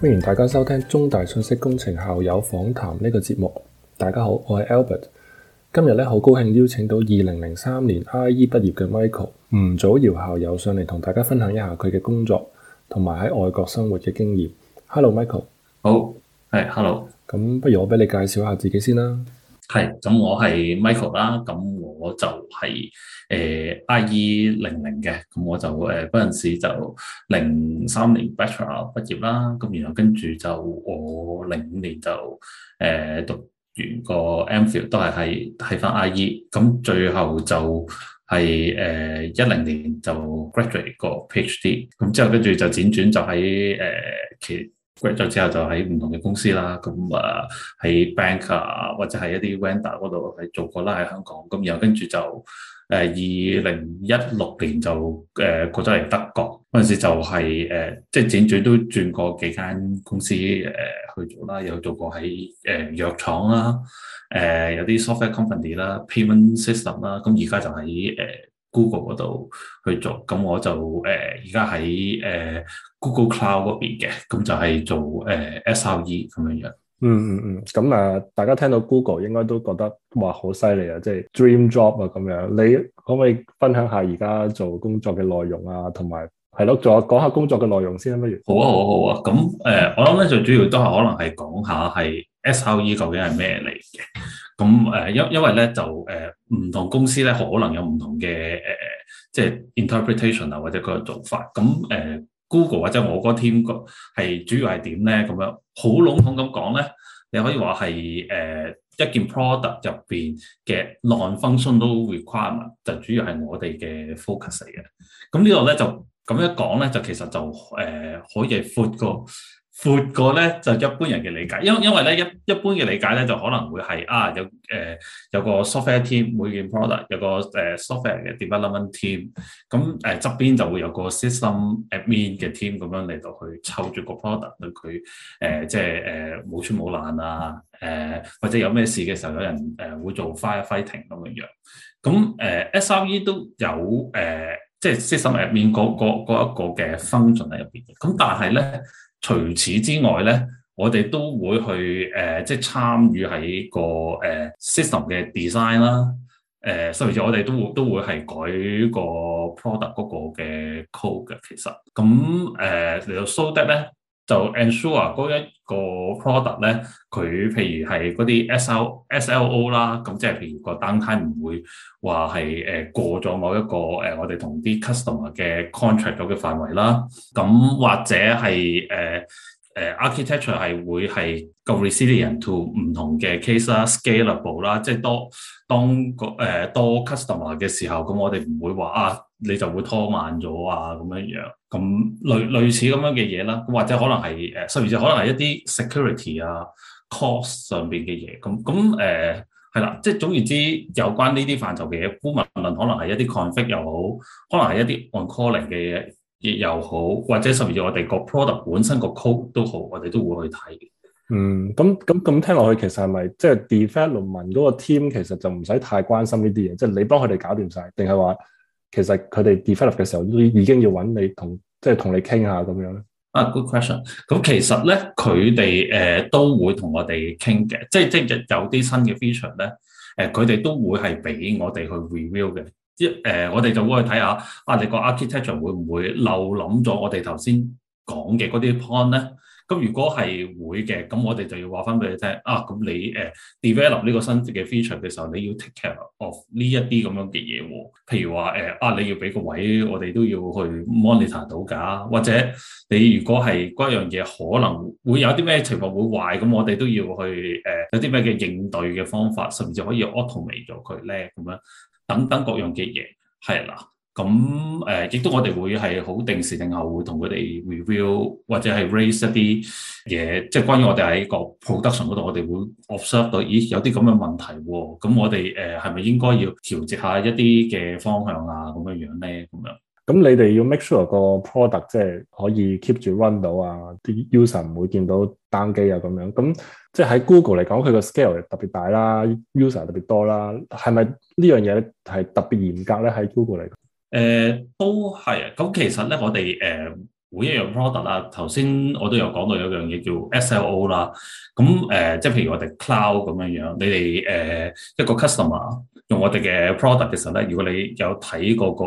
歡迎大家收聽中大信息工程校友訪談呢個節目。大家好，我係 Albert。今日呢，好高興邀請到二零零三年 IE 畢業嘅 Michael 吳祖堯校友上嚟同大家分享一下佢嘅工作同埋喺外國生活嘅經驗。Hello，Michael。好係。Hello。咁不如我俾你介紹下自己先啦。係，咁、嗯、我係 Michael 啦、啊，咁我就係誒 IE 零零嘅，咁、呃 e 嗯、我就誒嗰陣時就零三年 bachelor 畢業啦，咁、啊、然後跟住就我零五年就誒、呃、讀完個 MPhil，都係喺喺返 IE，咁最後就係誒一零年就 graduate 個 PhD，咁、啊、之後跟住就輾轉就喺誒、呃、其。咗之後就喺唔同嘅公司啦，咁啊喺 bank 啊或者係一啲 vendor 嗰度係做過啦，喺香港，咁然後跟住就誒二零一六年就誒、呃、過咗嚟德國，嗰陣時就係、是、誒、呃、即係輾轉都轉過幾間公司誒、呃、去做啦、呃呃，有做過喺誒藥廠啦，誒有啲 software company 啦，payment system 啦，咁而家就喺誒。Google 嗰度去做，咁我就誒而家喺誒 Google Cloud 嗰邊嘅，咁就係做誒、呃、SRE 咁樣樣。嗯嗯嗯，咁、嗯、啊、嗯嗯嗯、大家聽到 Google 應該都覺得話好犀利啊，即係 dream job 啊咁樣。你可唔可以分享下而家做工作嘅內容啊？同埋係咯，仲講下工作嘅內容先，不如。好啊好啊好啊，咁誒、啊啊呃、我諗咧就主要都係可能係講下係 SRE 究竟係咩嚟嘅。咁誒，因因為咧就誒，唔、呃、同公司咧可能有唔同嘅誒、呃，即係 interpretation 啊，或者佢嘅做法。咁誒、呃、Google 或者我個 team 係主要係點咧？咁樣好籠統咁講咧，你可以話係誒一件 product 入邊嘅 non-functional requirement 就主要係我哋嘅 focus 嚟嘅。咁呢度咧就咁樣講咧，就其實就誒、呃、可以覆蓋。闊過咧就一般人嘅理解，因因為咧一一般嘅理解咧就可能會係啊有誒、呃、有個 software team 每件 product 有個誒 software 嘅 development team，咁誒側邊就會有個 system admin 嘅 team 咁樣嚟到去湊住個 product 對佢誒即係誒冇穿冇爛啊誒、呃、或者有咩事嘅時候有人誒會做 firefighting 咁樣樣，咁誒、呃、SRE 都有誒、呃、即係 system admin 嗰個一個嘅 function 喺入邊嘅，咁但係咧。除此之外咧，我哋都會去誒、呃，即係參與喺個誒 system 嘅 design 啦。誒、呃呃，甚至我哋都會都會係改個 product 嗰個嘅 code 嘅。其實咁誒、呃，例如 show that 咧。就 ensure 嗰一個 product 咧，佢譬如係嗰啲 S L S L O 啦，咁即係譬如個 downtime 唔會話係誒過咗某一個誒我哋同啲 customer 嘅 contract 咗嘅範圍啦，咁或者係誒。呃誒、uh, architecture 係會係 resilient to 唔同嘅 case 啦，scalable 啦，即係多當個誒、uh, 多 customer 嘅時候，咁我哋唔會話啊，你就會拖慢咗啊，咁樣樣，咁類類似咁樣嘅嘢啦，或者可能係誒，呃、甚至可能係一啲 security 啊，cost 上邊嘅嘢，咁咁誒係啦，即係總言之，有關呢啲範疇嘅嘢，姑勿論可能係一啲 config 又好，可能係一啲 on calling 嘅嘢。亦又好，或者甚至我哋個 product 本身個 code 都好，我哋都會去睇。嗯，咁咁咁聽落去，其實係咪即係 develop 完嗰個 team，其實就唔使太關心呢啲嘢，即係你幫佢哋搞掂晒，定係話其實佢哋 develop 嘅時候都已經要揾你同，即係同你傾下咁樣咧？啊，good question。咁其實咧，佢哋誒都會同我哋傾嘅，即係即係有啲新嘅 feature 咧，誒，佢哋都會係俾我哋去 review 嘅。即係、嗯、我哋就會去睇下，啊，你個 architecture 會唔會漏諗咗我哋頭先講嘅嗰啲 point 咧？咁如果係會嘅，咁我哋就要話翻俾你聽，啊，咁你誒 develop 呢個新嘅 feature 嘅時候，你要 take care of 呢一啲咁樣嘅嘢喎。譬如話誒、呃，啊，你要俾個位，我哋都要去 monitor 到㗎。或者你如果係嗰樣嘢可能會有啲咩情況會壞，咁我哋都要去誒、呃、有啲咩嘅應對嘅方法，甚至可以 automate 咗佢咧，咁樣。等等各樣嘅嘢，係啦，咁誒，亦、呃、都我哋會係好定時定候會同佢哋 review 或者係 raise 一啲嘢，即係關於我哋喺個 production 嗰度，我哋會 observe 到，咦，有啲咁嘅問題喎，哦，咁我哋誒係咪應該要調節一下一啲嘅方向啊，咁嘅樣咧，咁樣。咁你哋要 make sure 個 product 即係可以 keep 住 run 到啊，啲 user 唔會見到 down 機啊咁樣。咁即係喺 Google 嚟講，佢個 scale 特別大啦，user 特別多啦。係咪呢樣嘢係特別嚴格咧？喺 Google 嚟講？誒、呃，都係啊。咁其實咧，我哋誒、呃、每一樣 product 啊，頭先我都有講到有一樣嘢叫 SLO 啦。咁、呃、誒，即係譬如我哋 cloud 咁樣樣，你哋誒、呃、一個 customer。用我哋嘅 product 嘅時候咧，如果你有睇嗰個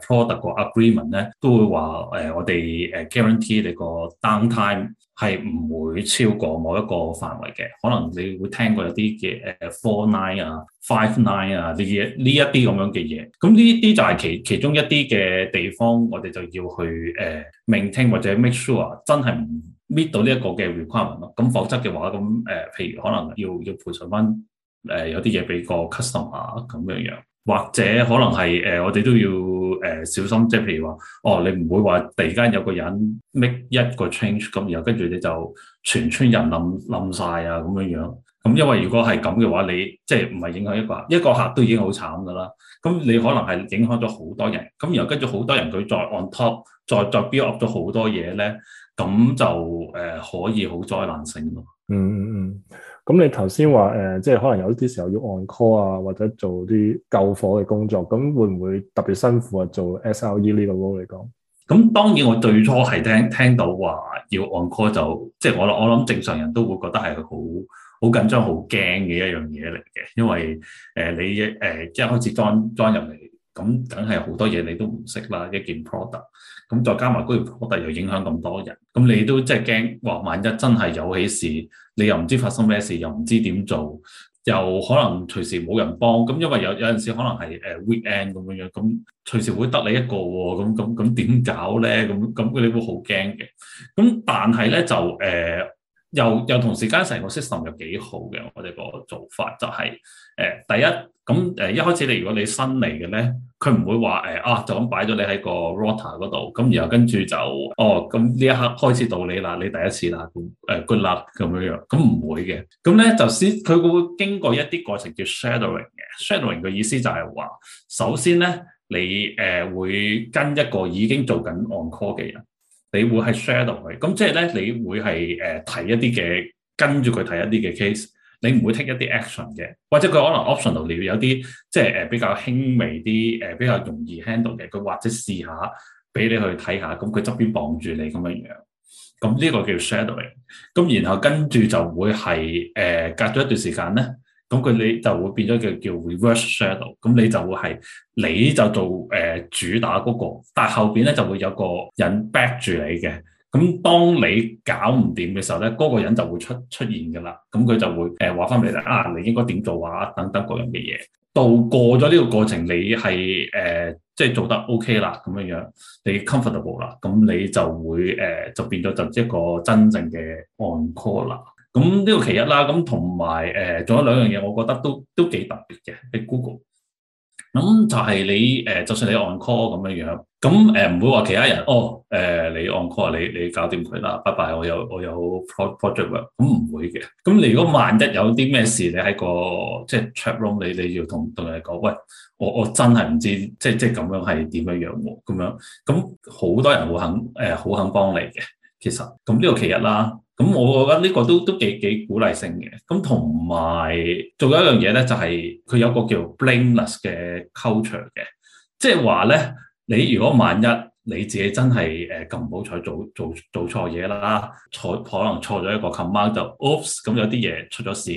product 個 agreement 咧，都會話誒我哋誒 guarantee 你個 down time 係唔會超過某一個範圍嘅。可能你會聽過有啲嘅誒 four nine 啊、five nine 啊呢啲呢一啲咁樣嘅嘢。咁呢啲就係其其中一啲嘅地方，我哋就要去誒 maintain 或者 make sure 真係唔 meet 到呢一個嘅 requirement 咯。咁否則嘅話，咁誒譬如可能要要賠償翻。誒、呃、有啲嘢俾個 customer 咁樣樣，或者可能係誒、呃、我哋都要誒、呃、小心，即係譬如話，哦，你唔會話突然間有個人 make 一個 change，咁然後跟住你就全村人冧冧曬啊咁樣樣。咁因為如果係咁嘅話，你即係唔係影響一個一個客，一個客都已經好慘噶啦。咁你可能係影響咗好多人。咁然後跟住好多人佢再 on top，再再 build up 咗好多嘢咧，咁就誒可以好災難性咯、嗯。嗯嗯嗯。咁你頭先話誒，即係可能有啲時候要 on call 啊，或者做啲救火嘅工作，咁會唔會特別辛苦啊？做 SRE 呢個 role 嚟講，咁當然我最初係聽聽到話要 on call 就，即係我我諗正常人都會覺得係好好緊張、好驚嘅一樣嘢嚟嘅，因為誒、呃、你誒一、呃、開始裝裝入嚟，咁梗係好多嘢你都唔識啦，一件 product。咁再加埋嗰條波突然影響咁多人，咁你都即係驚，哇！萬一真係有起事，你又唔知發生咩事，又唔知點做，又可能隨時冇人幫。咁因為有有陣時可能係誒 weekend 咁樣，咁隨時會得你一個喎，咁咁咁點搞咧？咁咁你會好驚嘅。咁但係咧就誒、呃，又又同時間成個 system 又幾好嘅，我哋個做法就係、是、誒、呃、第一。咁誒，一開始你如果你新嚟嘅咧，佢唔會話誒啊，就咁擺咗你喺個 rota 嗰度，咁然後跟住就哦，咁呢一刻開始到你啦，你第一次啦，誒、呃、good luck 咁樣樣，咁唔會嘅。咁咧就先，佢會經過一啲過程叫 shadowing 嘅。shadowing 嘅意思就係話，首先咧你誒、呃、會跟一個已經做緊 on call 嘅人，你會係 shadow 佢。咁即係咧，你會係誒睇一啲嘅跟住佢睇一啲嘅 case。你唔會 take 一啲 action 嘅，或者佢可能 optional 你有啲即係誒比較輕微啲，誒比較容易 handle 嘅，佢或者試下俾你去睇下，咁佢側邊綁住你咁樣樣，咁呢個叫 shadowing，咁然後跟住就會係誒、呃、隔咗一段時間咧，咁佢你就會變咗叫叫 reverse shadow，咁你就會係你就做誒、呃、主打嗰、那個，但後邊咧就會有個人 back 住你嘅。咁當你搞唔掂嘅時候咧，嗰、那個人就會出出現嘅啦。咁佢就會誒話翻俾你聽啊，你應該點做啊，等等各樣嘅嘢。到過咗呢個過程，你係誒、呃、即係做得 OK 啦，咁樣樣你 comfortable 啦，咁你就會誒、呃、就變咗就一個真正嘅 on call 啦。咁呢個其一啦。咁同埋誒仲有兩、呃、樣嘢，我覺得都都幾特別嘅，係 Google。咁就係你誒，就算你 on call 咁樣樣，咁誒唔會話其他人哦誒，你 on call，你你搞掂佢啦拜拜，我有我有 project 喂，咁唔會嘅。咁你如果萬一有啲咩事，你喺個即係 chat room，你你要同同人講，喂，我我真係唔知，即即咁樣係點樣、啊、樣喎，咁樣咁好多人會肯誒，好、呃、肯幫你嘅。其實咁呢個其一啦。咁我覺得呢個都都幾幾鼓勵性嘅，咁同埋做咗一樣嘢咧，就係、是、佢有個叫 blameless 嘅 culture 嘅，即係話咧，你如果萬一你自己真係誒咁唔好彩做做做錯嘢啦，錯可能錯咗一個 command、um、就 oops，咁有啲嘢出咗事，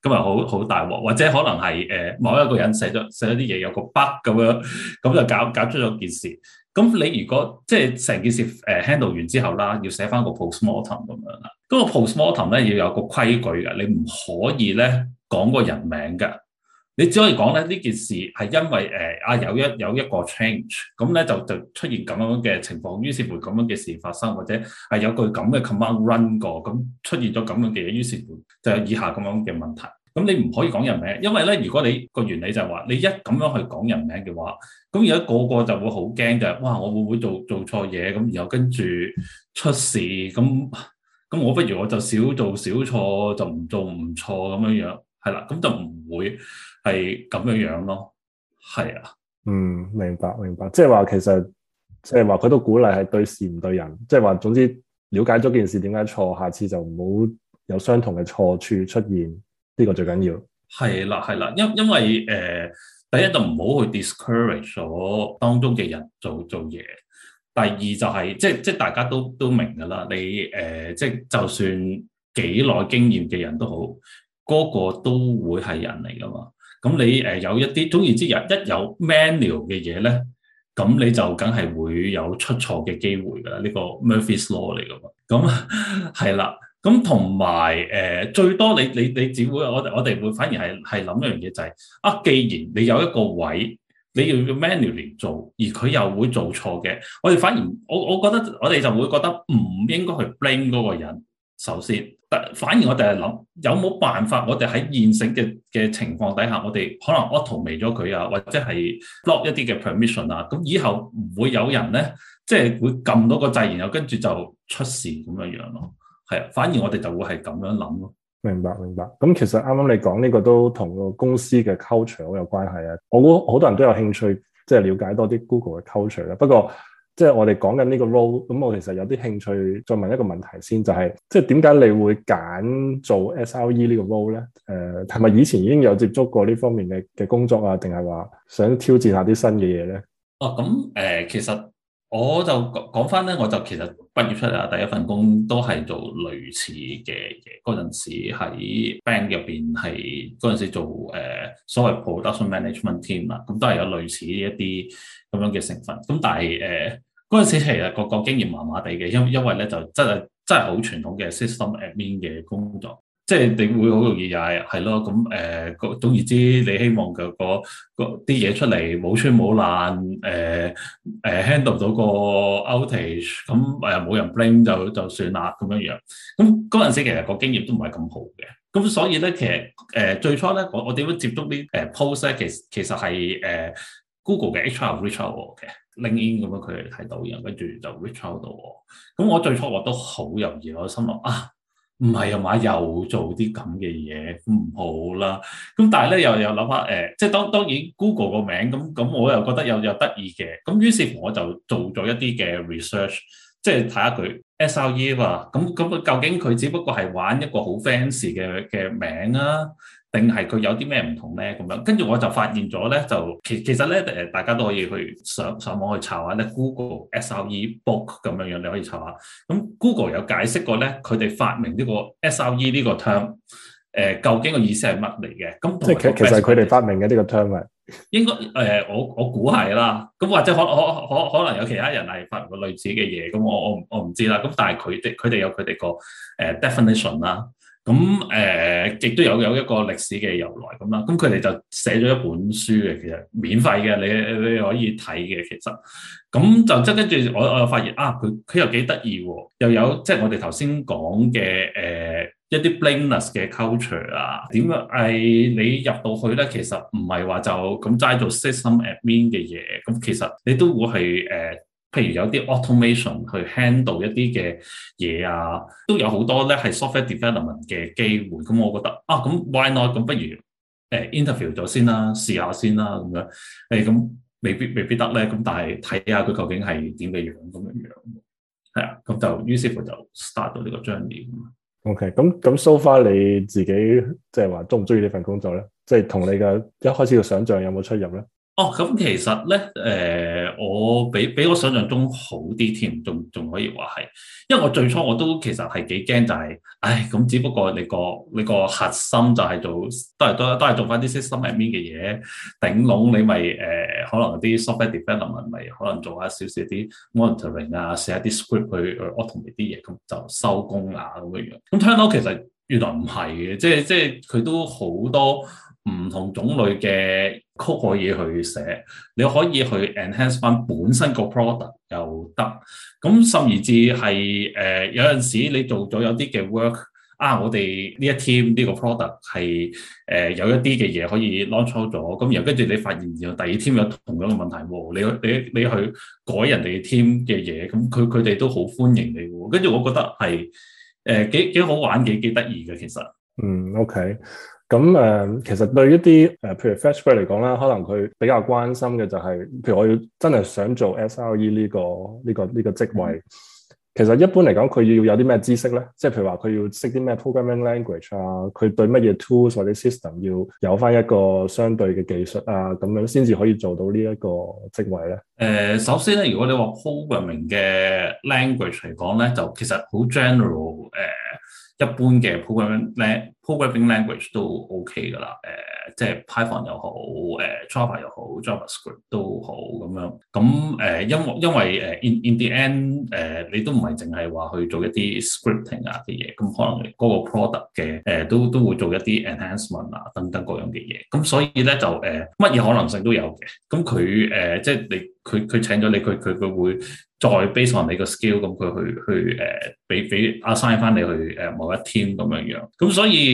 咁啊好好大鑊，或者可能係誒、呃、某一個人寫咗寫咗啲嘢有個 bug 咁樣，咁就搞搞出咗件事。咁你如果即係成件事誒 handle 完之後啦，要寫翻個 postmortem 咁樣啦。咁、嗰個 postmortem 咧要有個規矩嘅，你唔可以咧講個人名嘅，你只可以講咧呢件事係因為誒啊、呃、有一有一個 change，咁咧就就出現咁樣嘅情況，於是乎咁樣嘅事發生，或者係有句咁嘅 command run 過，咁出現咗咁樣嘅嘢，於是乎就有以下咁樣嘅問題。咁你唔可以講人名，因為咧，如果你個原理就係話，你一咁樣去講人名嘅話，咁而家個個就會好驚，嘅。「係哇，我會唔會做做錯嘢？」咁然後跟住出事，咁咁我不如我就少做少錯，就唔做唔錯咁樣樣，係啦，咁就唔會係咁樣樣咯。係啊，嗯，明白明白，即係話其實，即係話佢都鼓勵係對事唔對人，即係話總之了解咗件事點解錯，下次就唔好有相同嘅錯處出現。呢個最緊要係啦，係啦，因因為誒、呃，第一就唔好去 discourage 所當中嘅人做做嘢。第二就係、係、即即大家都都明噶啦，你誒即、呃、就算幾耐經驗嘅人都好，嗰個，個都會係人嚟噶嘛。咁你誒有一啲，總言之有一有 manual 嘅嘢咧，咁你就梗係會有出錯嘅機會噶啦。呢、呢個 Murphy’s Law 嚟噶嘛，咁係啦。咁同埋誒最多你你你只會我我哋會反而係係諗一樣嘢就係、是、啊，既然你有一個位，你要要 manually 做，而佢又會做錯嘅，我哋反而我我覺得我哋就會覺得唔應該去 blame 嗰個人。首先，但反而我哋係諗有冇辦法，我哋喺現成嘅嘅情況底下，我哋可能 automate 咗佢啊，或者係 lock 一啲嘅 permission 啊，咁以後唔會有人咧，即、就、係、是、會撳到個掣，然後跟住就出事咁樣樣咯。係啊，反而我哋就會係咁樣諗咯。明白，明白。咁其實啱啱你講呢個都同個公司嘅 culture 好有關係啊。我估好多人都有興趣，即係了解多啲 Google 嘅 culture 啦。不過即係、就是、我哋講緊呢個 role，咁我其實有啲興趣，再問一個問題先、就是，就係即係點解你會揀做 SRE 呢個 role 咧？誒、呃，係咪以前已經有接觸過呢方面嘅嘅工作啊？定係話想挑戰下啲新嘅嘢咧？哦、啊、咁、嗯、誒、呃，其實。我就講講翻咧，我就其實畢業出嚟啊，第一份工都係做類似嘅嘢。嗰陣時喺 bank 入邊係嗰陣時做誒、呃、所謂 production management team 啊，咁都係有類似一啲咁樣嘅成分。咁但係誒嗰陣時其實個個經驗麻麻地嘅，因為因為咧就真係真係好傳統嘅 system admin 嘅工作。即係你會好容易又係係咯咁誒，總言之，你希望個個啲嘢出嚟冇穿冇爛，誒誒、呃呃、handle 到個 outage，咁、嗯、誒冇、呃、人 blame 就就算啦咁樣樣。咁嗰陣時其實個經驗都唔係咁好嘅，咁所以咧其實誒最初咧我我點樣接觸啲誒 post 咧，其實、呃、其實係誒、呃、Google 嘅 HR reach 嘅 LinkedIn 咁樣佢哋睇到嘅，跟住就 reach 到、哦。咁我最初我都好猶豫，我心諗啊。唔係啊嘛，又做啲咁嘅嘢，唔好啦。咁但係咧，又又諗下，誒、欸，即係當當然，Google 個名，咁咁我又覺得又又得意嘅。咁於是乎，我就做咗一啲嘅 research，即係睇下佢 SRE 嘛。咁咁究竟佢只不過係玩一個好 fancy 嘅嘅名啊？定係佢有啲咩唔同咧？咁樣跟住我就發現咗咧，就其其實咧，誒大家都可以去上上網去查下咧，Google S R E book 咁樣樣，你可以查下。咁 Google 有解釋過咧，佢哋發明呢個 S R E 呢個 term，誒、呃、究竟個意思係乜嚟嘅？咁即係其實佢哋發明嘅呢個 term 係應該誒、呃，我我估係啦。咁或者可可可可能有其他人係發明過類似嘅嘢，咁我我我唔知啦。咁但係佢哋佢哋有佢哋個誒 definition 啦。咁誒，亦、呃、都有有一個歷史嘅由來咁啦。咁佢哋就寫咗一本書嘅，其實免費嘅，你你可以睇嘅。其實咁就即係跟住我我發現啊，佢佢又幾得意喎，又有即係、就是、我哋頭先講嘅誒一啲 blameless 嘅 culture 啊，點樣係你入到去咧，其實唔係話就咁齋做 system admin 嘅嘢，咁其實你都會係誒。呃譬如有啲 automation 去 handle 一啲嘅嘢啊，都有好多咧係 software development 嘅機會，咁我覺得啊，咁 why not？咁不如誒 interview 咗先啦、啊，試下先啦、啊、咁樣，誒、欸、咁未必未必得咧，咁但係睇下佢究竟係點嘅樣咁樣樣，係啊，咁就於是乎就 start 到呢個 journey。OK，咁咁 so far 你自己即係話鍾唔鍾意呢份工作咧？即係同你嘅一開始嘅想象有冇出入咧？哦，咁其實咧，誒、呃，我比比我想象中好啲添，仲仲可以話係，因為我最初我都其實係幾驚，就係、是，唉、哎，咁只不過你個你個核心就係做，都係都係都係做翻啲 system 入面嘅嘢，頂籠你咪誒、呃，可能啲 software development 咪可能做一些一些一下少少啲 monitoring 啊，寫啲 script 去 automate 啲嘢，咁就收工啊咁樣樣，咁聽到其實原來唔係嘅，即係即係佢都好多。唔同種類嘅 code 可以去寫，你可以去 enhance 翻本身個 product 又得。咁甚至係誒、呃，有陣時你做咗有啲嘅 work 啊，我哋呢一 team 呢個 product 係誒、呃、有一啲嘅嘢可以 launch 錯咗，咁然後跟住你發現，然後第二 team 有同樣嘅問題，你你你去改人哋 team 嘅嘢，咁佢佢哋都好歡迎你嘅。跟住我覺得係誒、呃、幾幾好玩，幾幾得意嘅其實。嗯，OK。咁誒、嗯，其實對於一啲誒，譬如 freshboy 嚟講啦，可能佢比較關心嘅就係、是，譬如我要真係想做 SRE 呢、這個呢、這個呢、這個職位，嗯、其實一般嚟講，佢要有啲咩知識咧？即係譬如話，佢要識啲咩 programming language 啊？佢對乜嘢 tools 或者 system 要有返一個相對嘅技術啊，咁樣先至可以做到呢一個職位咧。誒、呃，首先咧，如果你話 programming 嘅 language 嚟講咧，就其實好 general 誒、呃，一般嘅 programming 咧。Programming language 都 OK 噶啦，誒、呃，即係 Python 又好，誒、呃、Java 又好，JavaScript 都好咁樣，咁誒因因為誒 in in the end 誒、嗯、你都唔係淨係話去做一啲 scripting 啊啲嘢，咁、嗯、可能嗰個 product 嘅誒、呃、都都會做一啲 enhancement 啊等等各樣嘅嘢。咁、嗯、所以咧就誒乜嘢可能性都有嘅。咁佢誒即係你佢佢請咗你，佢佢佢會再 base on 你個 skill，咁、嗯、佢去去誒俾俾 assign 翻你去誒、呃、某一個 team 咁樣樣。咁、嗯嗯、所以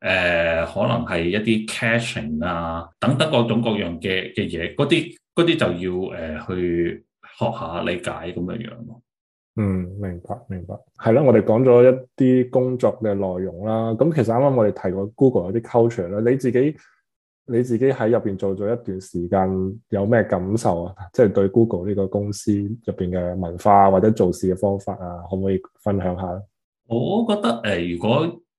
誒、呃，可能係一啲 caching 啊，等等各種各樣嘅嘅嘢，嗰啲嗰啲就要誒、呃、去學下理解咁樣樣咯。嗯，明白明白，係咯，我哋講咗一啲工作嘅內容啦。咁其實啱啱我哋提過 Google 有啲 culture 啦，你自己你自己喺入邊做咗一段時間，有咩感受啊？即係對 Google 呢個公司入邊嘅文化或者做事嘅方法啊，可唔可以分享下咧？我覺得誒、呃，如果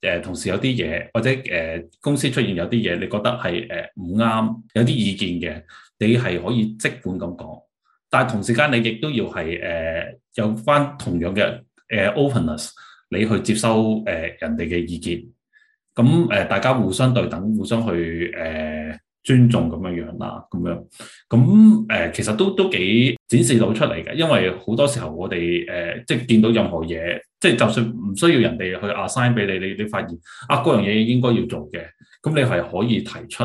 誒，同時有啲嘢或者誒、呃、公司出現有啲嘢，你覺得係誒唔啱，有啲意見嘅，你係可以即管咁講，但係同時間你亦都要係誒、呃、有翻同樣嘅誒、呃、openness，你去接收誒、呃、人哋嘅意見，咁、嗯、誒、呃、大家互相對等，互相去誒、呃、尊重咁樣樣啦，咁樣，咁誒、嗯呃、其實都都幾展示到出嚟嘅，因為好多時候我哋誒、呃、即係見到任何嘢。即係就，就算唔需要人哋去 assign 俾你，你你發現啊嗰樣嘢應該要做嘅，咁你係可以提出。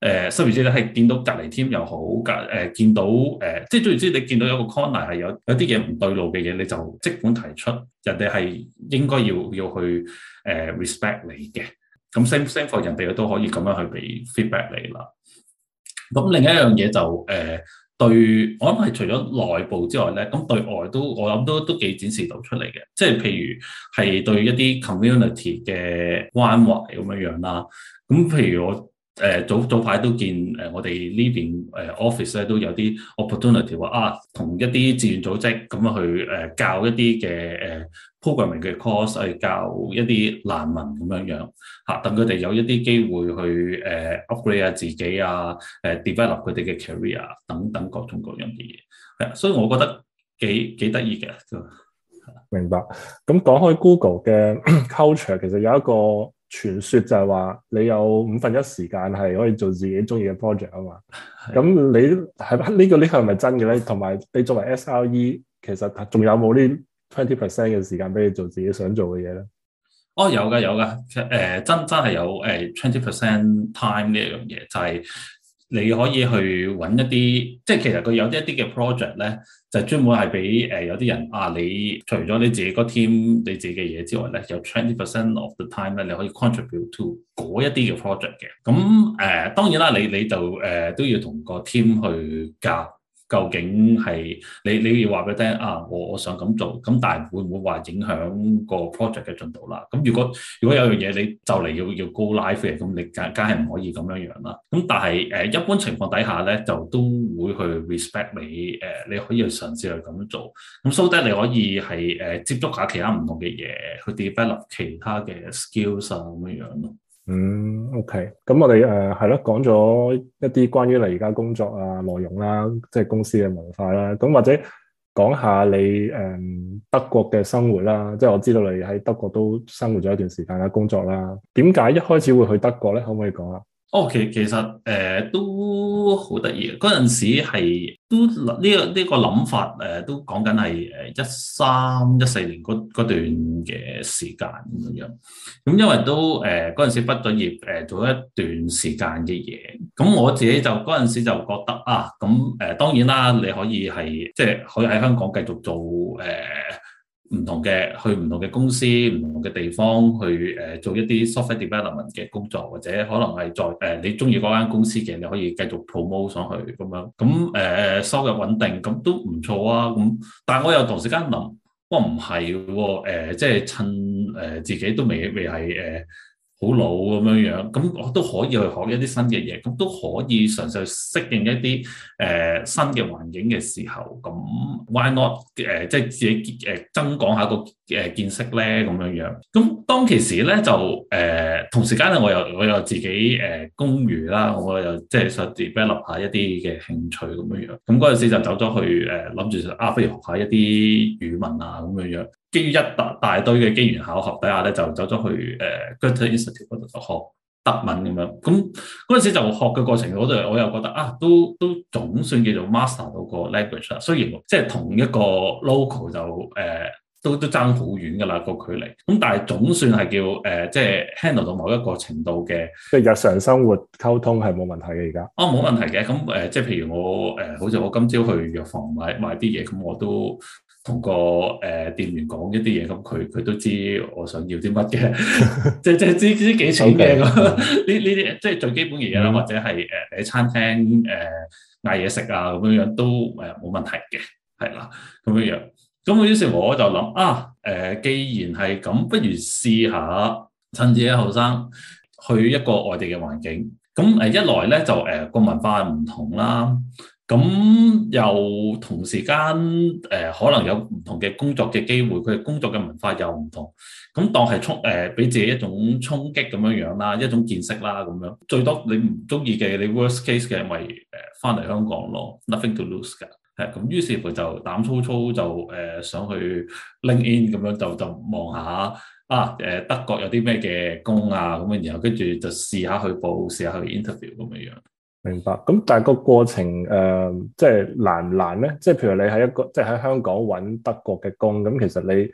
誒、呃，甚至咧係見到隔離 team 又好，隔、呃、誒見到誒、呃，即係總言之，你見到有個 corner 係有有啲嘢唔對路嘅嘢，你就即管提出，人哋係應該要要去誒、呃、respect 你嘅。咁 same same，個人哋都可以咁樣去俾 feedback 你啦。咁另一樣嘢就誒、呃對，我諗係除咗內部之外咧，咁對外都我諗都都幾展示到出嚟嘅，即係譬如係對一啲 community 嘅關懷咁樣樣啦，咁譬如我。誒早早排都見誒，我哋呢邊誒 office 咧都有啲 opportunity 話啊，同一啲志願組織咁樣去誒教一啲嘅誒 programming m 嘅 course，去教一啲難民咁樣樣嚇，等佢哋有一啲機會去誒、啊、upgrade 下自己啊，誒、啊、develop 佢哋嘅 career 等等各種各樣嘅嘢，係、啊、所以我覺得幾幾得意嘅就明白。咁講開 Google 嘅 culture，其實有一個。傳說就係話你有五分一時間係可以做自己鍾意嘅 project 啊嘛，咁是的 你係、這個這個、呢個呢個係咪真嘅咧？同埋你作為 SRE 其實仲有冇呢 twenty percent 嘅時間俾你做自己想做嘅嘢咧？哦，有嘅有嘅，其、呃、實真真係有誒 twenty percent time 呢樣嘢，就係、是。你可以去揾一啲，即係其實佢有一啲嘅 project 咧，就專門係俾誒有啲人啊，你除咗你自己個 team 你自己嘅嘢之外咧，有 twenty percent of the time 咧，你可以 contribute to 嗰一啲嘅 project 嘅。咁誒、呃、當然啦，你你就誒、呃、都要同個 team 去教。究竟係你你要話俾佢聽啊？我我想咁做，咁但係會唔會話影響個 project 嘅進度啦？咁如果如果有樣嘢你就嚟要要 go live 嘅，咁你梗梗係唔可以咁樣樣啦。咁但係誒、呃、一般情況底下咧，就都會去 respect 你誒、呃，你可以去嘗試去咁樣做。咁 so that 你可以係誒、呃、接觸下其他唔同嘅嘢，去 develop 其他嘅 skills 啊咁樣樣咯。嗯，OK，咁我哋誒係咯，講、嗯、咗一啲關於你而家工作啊內容啦、啊，即、就、係、是、公司嘅文化啦、啊，咁或者講下你誒、嗯、德國嘅生活啦、啊，即、就、係、是、我知道你喺德國都生活咗一段時間啦，工作啦、啊，點解一開始會去德國咧？可唔可以講啊？哦，其其實誒、呃、都好得意，嗰陣時係都呢個呢個諗法誒都講緊係誒一三一四年嗰段嘅時間咁樣，咁因為都誒嗰陣時畢咗業誒做咗一段時間嘅嘢，咁我自己就嗰陣時就覺得啊，咁誒、呃、當然啦，你可以係即係可以喺香港繼續做誒。呃唔同嘅去唔同嘅公司，唔同嘅地方去誒、呃、做一啲 software development 嘅工作，或者可能係在誒、呃、你中意嗰間公司嘅，你可以繼續 promote 上去咁樣，咁誒、呃、收入穩定，咁都唔錯啊！咁，但係我又同時間諗，我唔係喎，即係趁誒自己都未未係誒。呃好老咁樣樣，咁我都可以去學一啲新嘅嘢，咁都可以嘗試適應一啲誒、呃、新嘅環境嘅時候，咁 why not 誒即係自己誒增廣下個誒見識咧？咁樣樣，咁當其時咧就誒、呃、同時間咧，我又我又自己誒、呃、公餘啦，我又即係想 develop 下一啲嘅興趣咁樣樣，咁嗰陣時就走咗去誒諗住啊，不如學下一啲語文啊咁樣樣。基於一大大堆嘅機緣巧合底下咧，就走咗去誒 Goethe Institute 嗰度學德文咁樣。咁嗰陣時就學嘅過程，我就我又覺得啊，都都總算叫做 master 到個 language 啦。雖然即係同一個 local 就誒、呃、都都爭好遠噶啦個距離。咁但係總算係叫誒即、呃、係、就是、handle 到某一個程度嘅即係日常生活溝通係冇問題嘅而家。哦，冇問題嘅。咁誒、呃、即係譬如我誒、呃，好似我今朝去藥房買買啲嘢，咁我都。同個誒店員講一啲嘢，咁佢佢都知我想要啲乜嘅，即係即係知知幾錢嘅咁。呢呢啲即係最基本嘅嘢啦，嗯、或者係誒喺餐廳誒嗌嘢食啊咁樣樣都誒冇問題嘅，係啦咁樣樣。咁於是我就諗啊誒、呃，既然係咁，不如試下趁自己後生去一個外地嘅環境。咁誒一來咧就誒個、呃、文化唔同啦。咁又同時間誒、呃，可能有唔同嘅工作嘅機會，佢嘅工作嘅文化又唔同，咁當係衝誒俾自己一種衝擊咁樣樣啦，一種見識啦咁樣。最多你唔中意嘅，你 worst case 嘅咪誒翻嚟香港咯，nothing to lose 嘅係咁。於是乎就膽粗粗就誒、呃、想去 LinkedIn 咁樣，就就望下啊誒、呃、德國有啲咩嘅工啊咁樣，然後跟住就試下去報，試下去 interview 咁樣樣。明白，咁但係個過程誒、呃，即係難唔難咧？即係譬如你喺一個，即係喺香港揾德國嘅工，咁其實你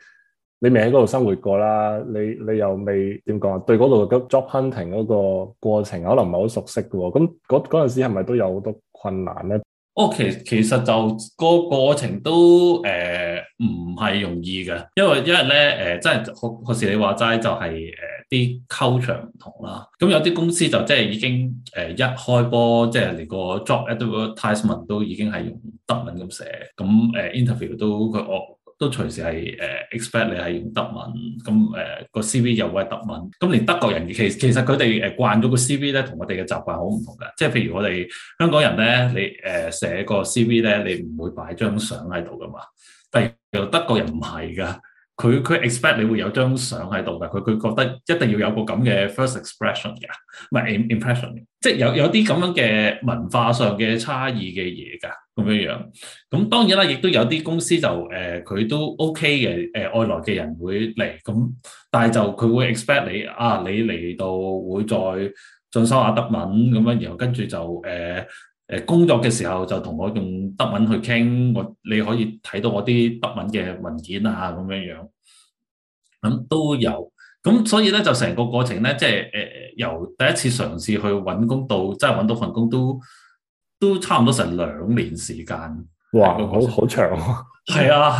你未喺嗰度生活過啦，你你又未點講啊？對嗰度嘅 job hunting 嗰個過程，可能唔係好熟悉嘅喎。咁嗰嗰陣時係咪都有好多困難咧？哦，其其實就個過程都誒唔係容易嘅，因為因為咧誒、呃，真係好好似你話齋就係誒啲 culture 唔同啦。咁有啲公司就即係已經誒一、呃、開波，即係連個 job advertisement 都已經係用德文咁寫，咁誒、呃、interview 都佢我，都隨時係誒、uh, expect 你係用德文，咁誒個 CV 又會係德文，咁連德國人其其實佢哋誒慣咗個 CV 咧，同我哋嘅習慣好唔同㗎。即係譬如我哋香港人咧，你誒、uh, 寫個 CV 咧，你唔會擺張相喺度噶嘛。但係德國人唔係㗎，佢佢 expect 你會有張相喺度㗎。佢佢覺得一定要有個咁嘅 first expression 㗎，唔係 impression，即係有有啲咁樣嘅文化上嘅差異嘅嘢㗎。咁樣樣，咁當然啦，亦都有啲公司就誒，佢、呃、都 OK 嘅。誒、呃，外來嘅人會嚟，咁但係就佢會 expect 你啊，你嚟到會再進修下德文咁樣，然後跟住就誒誒、呃呃、工作嘅時候就同我用德文去傾，我你可以睇到我啲德文嘅文件啊咁樣樣，咁都有。咁所以咧就成個過程咧，即係誒、呃、由第一次嘗試去搵工到真係搵到份工都。都差唔多成兩年時間，哇！好好長啊。係啊，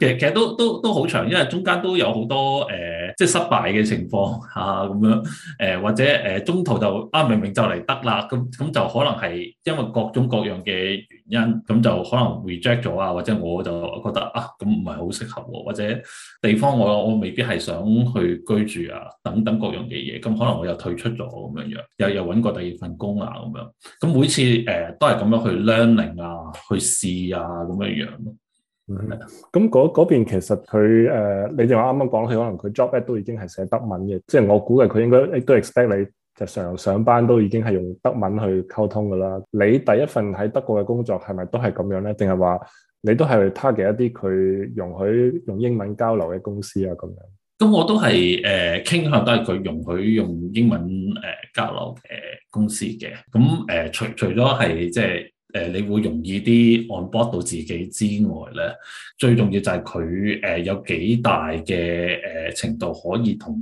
其實其實都都都好長，因為中間都有好多誒、呃，即係失敗嘅情況嚇咁樣誒、呃，或者誒、呃、中途就啊明明就嚟得啦，咁、啊、咁就可能係因為各種各樣嘅原因，咁就可能 reject 咗啊，或者我就覺得啊，咁唔係好適合喎，或者地方我我未必係想去居住啊，等等各樣嘅嘢，咁可能我又退出咗咁樣樣，又又揾過第二份工啊咁樣，咁每次誒、呃、都係咁樣去 learning 啊，去試啊咁樣樣。咁嗰嗰邊其實佢誒、呃，你哋話啱啱講，佢可能佢 job ad 都已經係寫德文嘅，即係我估計佢應該亦都 expect 你就常日上班都已經係用德文去溝通噶啦。你第一份喺德國嘅工作係咪都係咁樣咧？定係話你都係 target 一啲佢容許用英文交流嘅公司啊？咁樣？咁我都係誒傾向都係佢容許用英文誒、呃、交流嘅公司嘅。咁誒、呃，除除咗係即係。誒，你會容易啲 onboard 到自己之外咧，最重要就係佢誒有幾大嘅誒程度可以同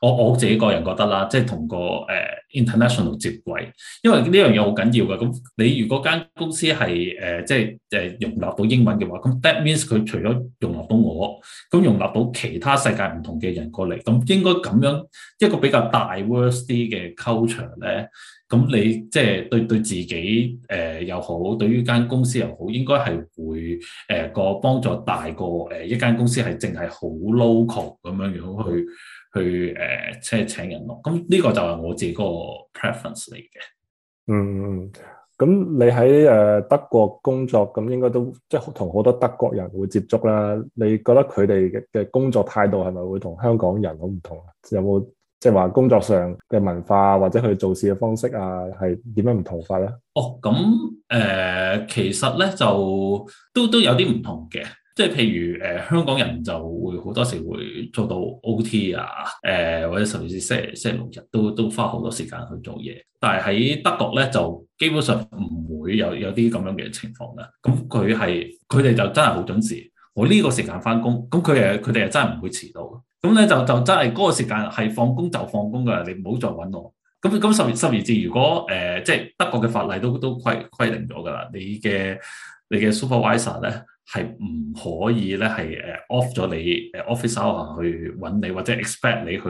我我自己個人覺得啦，即係同個誒 international 接軌，因為呢樣嘢好緊要嘅。咁你如果間公司係誒即係誒容納到英文嘅話，咁 that means 佢除咗容納到我，咁容納到其他世界唔同嘅人過嚟，咁應該咁樣一個比較大 diversity 嘅 culture 咧。咁你即係、就是、對對自己誒又好，對於間公司又好，應該係會誒、呃、個幫助大過誒、呃、一間公司係淨係好 local 咁樣樣去去誒即係請人咯。咁、這、呢個就係我自己個 preference 嚟嘅。嗯，咁你喺誒德國工作，咁應該都即係同好多德國人會接觸啦。你覺得佢哋嘅工作態度係咪會同香港人好唔同啊？有冇？即係話工作上嘅文化或者佢做事嘅方式啊，係點樣唔同法咧？哦，咁誒、呃，其實咧就都都有啲唔同嘅，即係譬如誒、呃，香港人就會好多時會做到 OT 啊，誒、呃、或者甚至係星，星期六日都都花好多時間去做嘢。但係喺德國咧就基本上唔會有有啲咁樣嘅情況嘅。咁佢係佢哋就真係好準時，我呢個時間翻工，咁佢誒佢哋就真係唔會遲到。咁咧就就真係嗰個時間係放工就放工噶，你唔好再揾我。咁咁十月十二至，如果誒即係德國嘅法例都都規規定咗噶啦，你嘅你嘅 supervisor 咧係唔可以咧係誒 off 咗你誒 office hour 去揾你，或者 expect 你去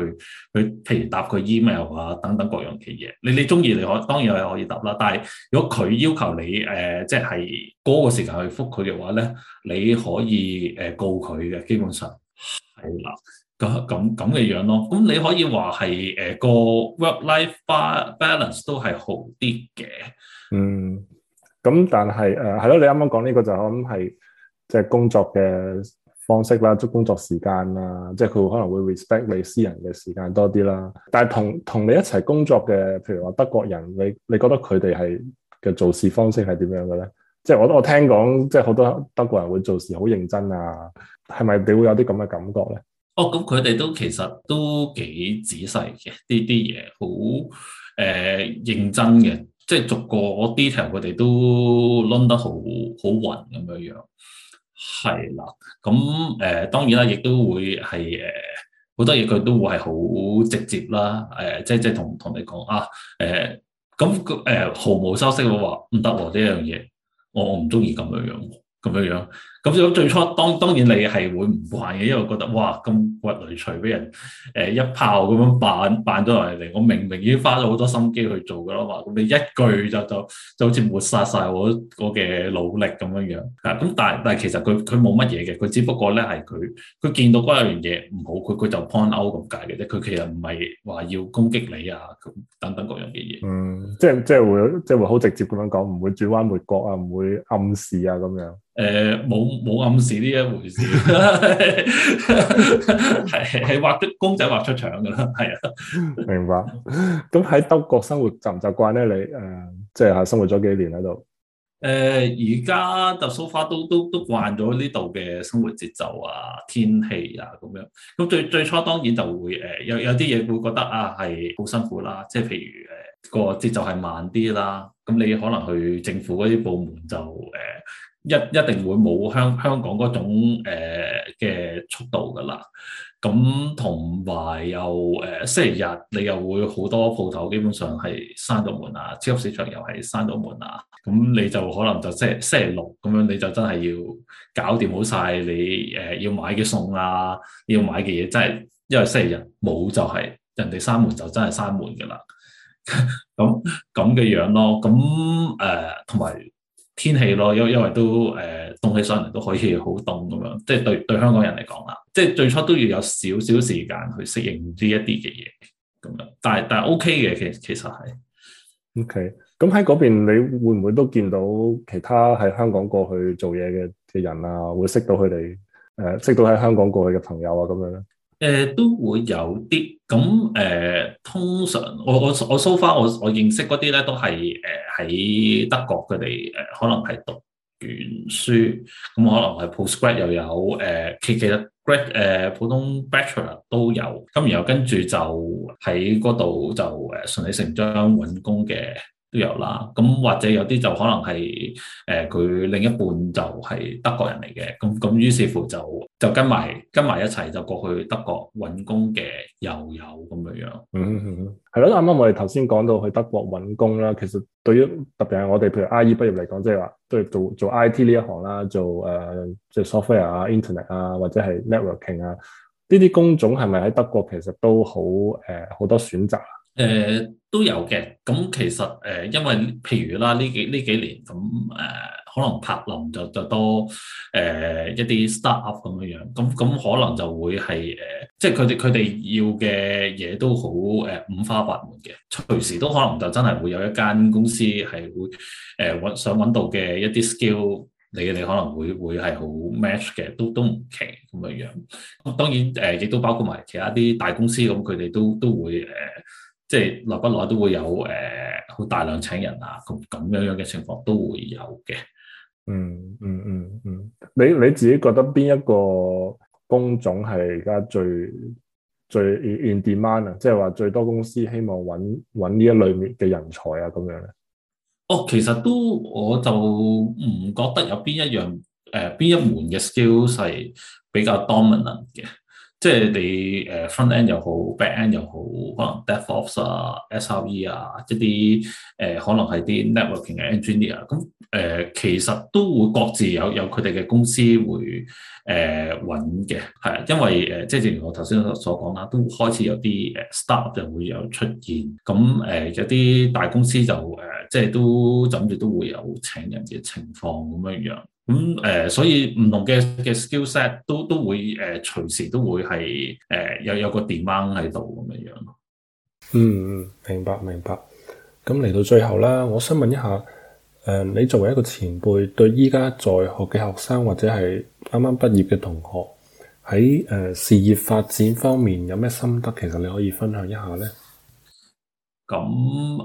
去譬如答佢 email 啊等等各樣嘅嘢。你你中意你可當然係可以答啦。但係如果佢要求你誒即係嗰個時間去覆佢嘅話咧，你可以誒告佢嘅，基本上係啦。咁咁嘅樣咯，咁你可以話係誒個 work life bal balance 都係好啲嘅，嗯，咁但係誒係咯，你啱啱講呢個就咁係即係工作嘅方式啦，即工作時間啦，即係佢可能會 respect 你私人嘅時間多啲啦。但係同同你一齊工作嘅，譬如話德國人，你你覺得佢哋係嘅做事方式係點樣嘅咧？即係我我聽講，即係好多德國人會做事好認真啊，係咪你會有啲咁嘅感覺咧？哦，咁佢哋都其實都幾仔細嘅，呢啲嘢好誒認真嘅，即係逐個 detail 佢哋都論得好好混咁樣樣。係啦，咁誒、呃、當然啦，亦都會係誒好多嘢佢都會係好直接啦，誒、呃、即即係同同你講啊，誒咁誒毫無修飾咁話唔得喎，呢樣嘢我唔中意咁樣樣，咁樣樣。咁咁最初，當當然你係會唔慣嘅，因為覺得哇咁屈雷隨俾人誒一炮咁樣扮扮咗落嚟，我明明已經花咗好多心機去做噶啦嘛，咁你一句就就就好似抹殺晒我我嘅努力咁樣樣啊！咁但但，但其實佢佢冇乜嘢嘅，佢只不過咧係佢佢見到嗰一樣嘢唔好，佢佢就 point out 咁解嘅啫。佢其實唔係話要攻擊你啊等等各樣嘅嘢。嗯，即即會即會好直接咁樣講，唔會轉彎抹角啊，唔會暗示啊咁樣。誒，冇冇、呃、暗示呢一回事，係係畫公仔畫出腸噶啦，係啊，明白。咁喺德國生活習唔習慣咧？你誒、呃，即係吓生活咗幾年喺度？誒、呃，而家就 so far 都都都慣咗呢度嘅生活節奏啊、天氣啊咁樣。咁最最初當然就會誒、呃，有有啲嘢會覺得啊，係好辛苦啦。即係譬如誒，個、呃、節奏係慢啲啦，咁你可能去政府嗰啲部門就誒。呃一一定會冇香香港嗰種嘅速度㗎啦。咁同埋又誒，星期日你又會好多鋪頭，基本上係閂到門啊，超級市場又係閂到門啊。咁你就可能就星期星期六咁樣，你就真係要搞掂好晒你誒、呃、要買嘅餸啊，要買嘅嘢真係，因為星期日冇就係、是、人哋閂門就真係閂門㗎啦。咁咁嘅樣咯。咁誒同埋，呃天氣咯，因因為都誒凍起上嚟都可以好凍咁樣，即係對對香港人嚟講啦，即係最初都要有少少時間去適應呢一啲嘅嘢咁樣，但係但係 OK 嘅，其實其實係 OK。咁喺嗰邊，你會唔會都見到其他喺香港過去做嘢嘅嘅人啊？會識到佢哋誒，識到喺香港過去嘅朋友啊咁樣咧？誒、呃，都會有啲咁誒，通常我我、so far 我搜翻我我認識嗰啲咧，都係誒喺德國佢哋誒，可能係讀完書，咁、嗯、可能係 postgrad 又有誒、呃，其其實 grad 誒普通 bachelor 都有，咁然後跟住就喺嗰度就誒順理成章揾工嘅。都有啦，咁或者有啲就可能係誒，佢、呃、另一半就係德國人嚟嘅，咁咁於是乎就就跟埋跟埋一齊就過去德國搵工嘅，又有咁樣樣、嗯。嗯，係、嗯、咯，啱、嗯、啱、嗯、我哋頭先講到去德國搵工啦，其實對於特別係我哋譬如 I E 畢業嚟講，即係話都係做做 I T 呢一行啦，做誒即係 software 啊、internet、呃、啊或者係 networking 啊，呢啲工種係咪喺德國其實都好誒好、呃、多選擇？誒、呃、都有嘅，咁、嗯、其實誒、呃，因為譬如啦，呢幾呢幾年咁誒、呃，可能柏林就就多誒、呃、一啲 start up 咁樣樣，咁、嗯、咁、嗯嗯、可能就會係誒，即係佢哋佢哋要嘅嘢都好誒、呃、五花八門嘅，隨時都可能就真係會有一間公司係會誒揾、呃、想揾到嘅一啲 skill，你你可能會會係好 match 嘅，都都唔奇咁樣樣、嗯。當然誒，亦、呃、都包括埋其他啲大公司咁，佢、嗯、哋都都，都，都會誒。即係耐不耐都會有誒，好、呃、大量請人啊，咁咁樣樣嘅情況都會有嘅、嗯。嗯嗯嗯嗯，你你自己覺得邊一個工種係而家最最，最 in demand 啊？即係話最多公司希望揾揾呢一類嘅人才啊，咁樣咧？哦，其實都我就唔覺得有邊一樣誒、邊、呃、一門嘅 skill 係比較 dominant 嘅。即係你誒 front end 又好，back end 又好，可能 DevOps 啊、SRE、呃、啊，一啲誒可能係啲 networking 嘅 engineer，咁誒、呃、其實都會各自有有佢哋嘅公司會誒揾嘅，係、呃、因為誒、呃、即係正如我頭先所講啦，都開始有啲誒 startup 就會有出現，咁誒有啲大公司就誒、呃、即係都諗住都會有請人嘅情況咁樣樣。咁誒，所以唔同嘅嘅 skillset 都都會誒，隨時都會係誒有有個 demand 喺度咁樣樣咯。嗯，明白明白。咁嚟到最後啦，我想問一下，誒、呃，你作為一個前輩，對依家在，在學嘅學生或者係啱啱畢業嘅同學，喺誒、呃、事業發展方面有咩心得，其實你可以分享一下咧？咁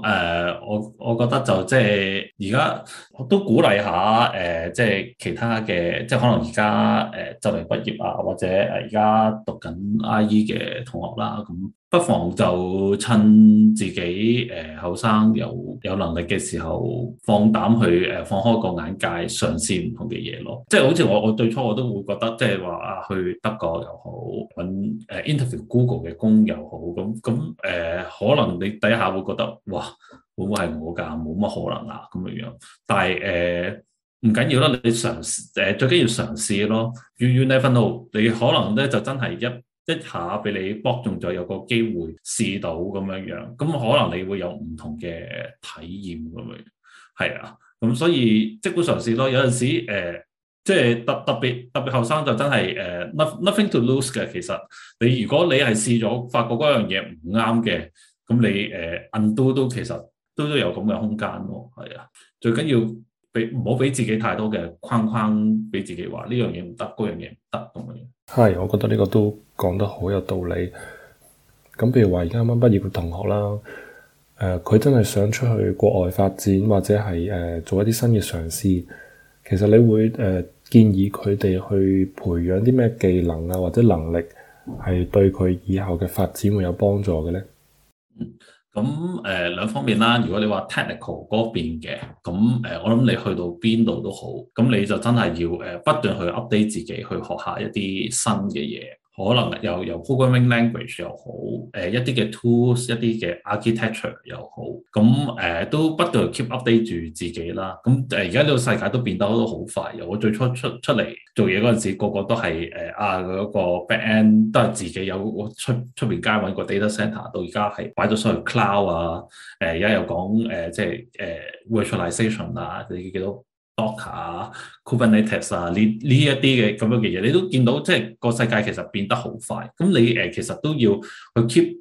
誒、呃，我我覺得就即係而家我都鼓勵下誒、呃，即係其他嘅，即係可能而家誒就嚟畢業啊，或者誒而家讀緊 IE 嘅同學啦，咁。不妨就趁自己誒後生有有能力嘅時候，放膽去誒、呃、放開個眼界，嘗試唔同嘅嘢咯。即係好似我我最初我都會覺得，即係話啊去德國又好，揾誒、呃、interview Google 嘅工又好，咁咁誒可能你第一下會覺得，哇會唔會係我㗎？冇乜可能啊咁嘅樣樣。但係誒、呃、唔緊要啦，你嘗試誒、呃、最緊要嘗試咯。You never know，你可能咧就真係一一下俾你搏中咗，有個機會試到咁樣樣，咁可能你會有唔同嘅體驗咁樣。係啊，咁所以即管嘗試咯。有陣時誒、呃，即係特特別特別後生就真係誒、呃、nothing to lose 嘅。其實你如果你係試咗，發覺嗰樣嘢唔啱嘅，咁你 undo 都都其實都都有咁嘅空間咯。係啊，最緊要俾唔好俾自己太多嘅框框俾自己話呢樣嘢唔得，嗰樣嘢唔得咁樣。係，我覺得呢個都講得好有道理。咁譬如話而家啱啱畢業嘅同學啦，誒、呃，佢真係想出去國外發展，或者係誒、呃、做一啲新嘅嘗試。其實你會誒、呃、建議佢哋去培養啲咩技能啊，或者能力係對佢以後嘅發展會有幫助嘅呢？嗯咁誒兩方面啦，如果你話 technical 嗰邊嘅，咁誒、呃、我諗你去到邊度都好，咁你就真係要不斷去 update 自己，去學下一啲新嘅嘢。可能又由,由 programming language 又好，誒一啲嘅 tools、一啲嘅 architecture 又好，咁誒、呃、都不斷 keep update 住自己啦。咁誒而家呢個世界都變得都好快。由我最初出出嚟做嘢嗰陣時，個個,個都係誒啊嗰個 back end 都係自己有個出出面街揾個 data center 到而家係擺咗出去 cloud 啊。誒而家又講誒、呃、即係誒、呃、virtualization 啊，你記得多。Docker 啊 Kubernetes 啊，呢呢、啊、一啲嘅咁樣嘅嘢，你都見到，即係個世界其實變得好快。咁你誒、呃，其實都要去 keep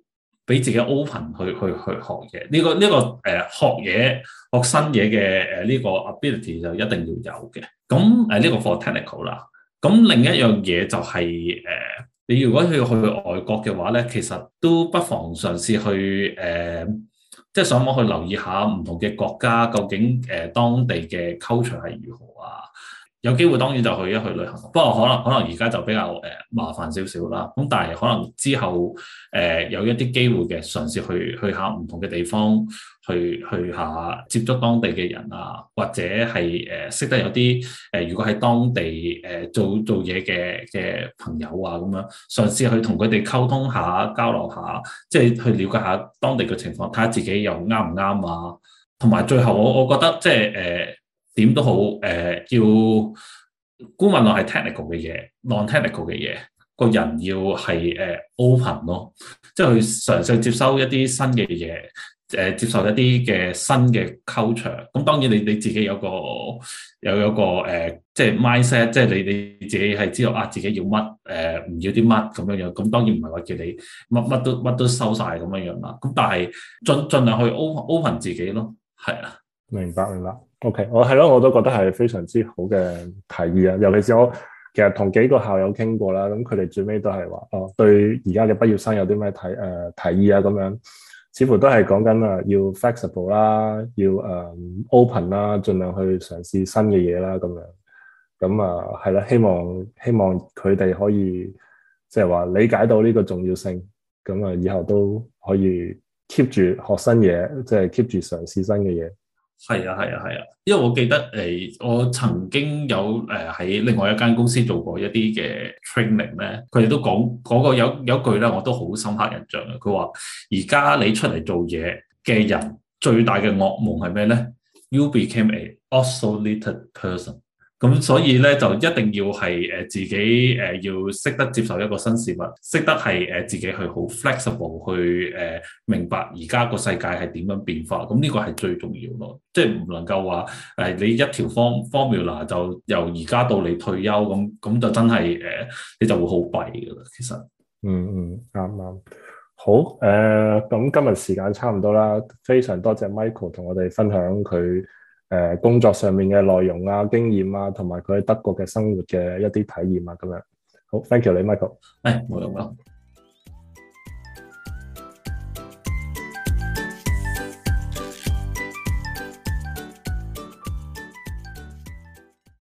俾自己 open 去去去，去學嘢。呢、這個呢、這個誒學嘢學新嘢嘅誒呢個 ability、這個這個這個，就一定要有嘅。咁誒呢個 for technical 啦。咁另一樣嘢就係、是、誒、呃，你如果去去外國嘅話咧，其實都不妨嘗試去誒。呃即係，上網去留意下唔同嘅國家，究竟誒、呃、當地嘅 culture 係如何啊？有機會當然就去一去旅行，不過可能可能而家就比較誒、呃、麻煩少少啦。咁但係可能之後誒、呃、有一啲機會嘅，嘗試去去下唔同嘅地方，去去下接觸當地嘅人啊，或者係誒、呃、識得有啲誒、呃，如果喺當地誒、呃、做做嘢嘅嘅朋友啊咁樣，嘗試去同佢哋溝通下、交流下，即係去了解下當地嘅情況，睇下自己又啱唔啱啊。同埋最後，我我覺得即係誒、呃點都好，誒、呃，要顧問落係 technical 嘅嘢，non technical 嘅嘢，個人要係誒 open 咯，即係去嘗試接收一啲新嘅嘢，誒、呃，接受一啲嘅新嘅 culture。咁、嗯、當然你你自己有個又有個誒、呃，即係 mindset，即係你你自己係知道啊，自己要乜誒唔要啲乜咁樣樣。咁、嗯、當然唔係話叫你乜乜都乜都收晒咁樣樣啦。咁但係盡盡量去 open open 自己咯，係啦，明白明白。OK，我係咯，我都覺得係非常之好嘅提議啊！尤其是我，其實同幾個校友傾過啦，咁佢哋最尾都係話，哦，對而家嘅畢業生有啲咩提誒、呃、提議啊？咁樣，似乎都係講緊啊，要 flexible 啦，要誒 open 啦，盡量去嘗試新嘅嘢啦，咁樣，咁啊係啦，希望希望佢哋可以即係話理解到呢個重要性，咁啊以後都可以 keep 住學新嘢，即係 keep 住嘗試新嘅嘢。係啊，係啊，係啊，因為我記得誒、欸，我曾經有誒喺、呃、另外一間公司做過一啲嘅 training 咧，佢哋都講嗰有一有一句咧，我都好深刻印象嘅。佢話：而家你出嚟做嘢嘅人最大嘅噩夢係咩咧？You became a isolated person。咁所以咧，就一定要係誒自己誒、呃，要識得接受一個新事物，識得係誒自己去好 flexible 去誒、呃，明白而家個世界係點樣變化。咁、嗯、呢、呢個係最重要咯，即係唔能夠話誒你一條 form formula 就由而家到你退休咁，咁就真係誒、呃、你就會好弊㗎喇。其實，嗯嗯，啱、嗯、啱好誒，咁、呃、今日時間差唔多啦，非常多謝 Michael 同我哋分享佢誒、呃、工作上面嘅內容啊、經驗啊，同埋佢喺德國嘅生活嘅一啲體驗啊，咁樣，好，thank you 你 Michael，誒冇錯冇